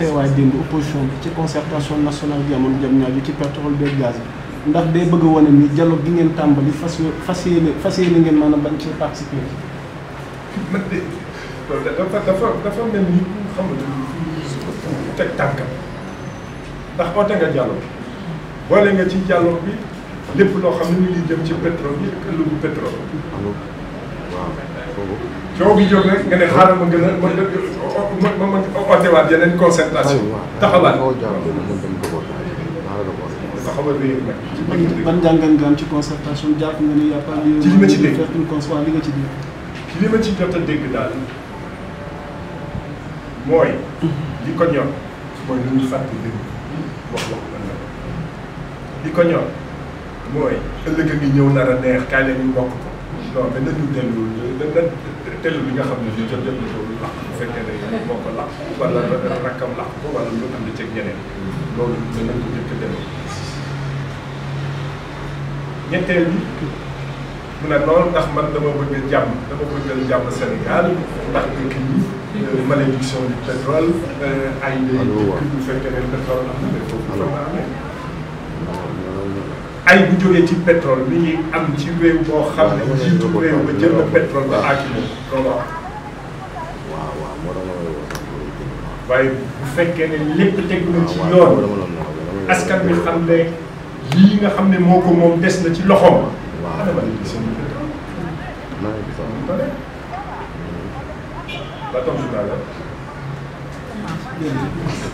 teewaay démb opposition bi ci concertation nationale bi amoon jam ñaar bi ci pétrole beeg gaz bi ndax dee bëgg a wane ni dialogue gi ngeen tàmbali fas fas yéene fas yéene ngeen maanaam bañ cee participer man de dafa dafa dafa mel ni xam nga teg tànkam ndax oote nga nga ci dialogue bi lépp loo xam ne ñu ngi jëm ci pétrole yi ak ëllëgu pétrole coow bi jóg nag nga ne xaaral ma gën a ma ma ma ma ootewaat yeneen concentration. taxawaat taxawaat bi yëpp nag. ban jàngat nga am ci concertation jàpp nga ni y' a pas lieu. ma ci dégg li nga ci dégg. li ma ci jot a dégg daal mooy. li ko ñor mooy lu ñu fàtte dégg wax wax la ko ñor mooy ëllëg ñëw nar a neex kaay la ñu non mais nañu dellu na dellu bi nga xam ne jot jot na ko làq bu fekkee ne moo ko làq wala rakkam làq ko wala lu am di ceeg ñeneen loolu danañ ko jëkk dellu ñetteel bi mu ne loolu ndax man dama bëgg jàmm dama bëgg jàmm Sénégal ndax dëkk yi euh, malédiction du pétrole euh, ay dëkk yu fekkee ne pétrole am na foofu ay bu jógee ci pétrole mi ngi am ci réew boo xam ne jiitu réew ba jël na pétrole ba àgg moom loolu am waaye bu fekkee ne lépp teg na ci yoon askan bi xam ne lii nga xam ne moo ko moom des na ci loxoom mm-hmm. ba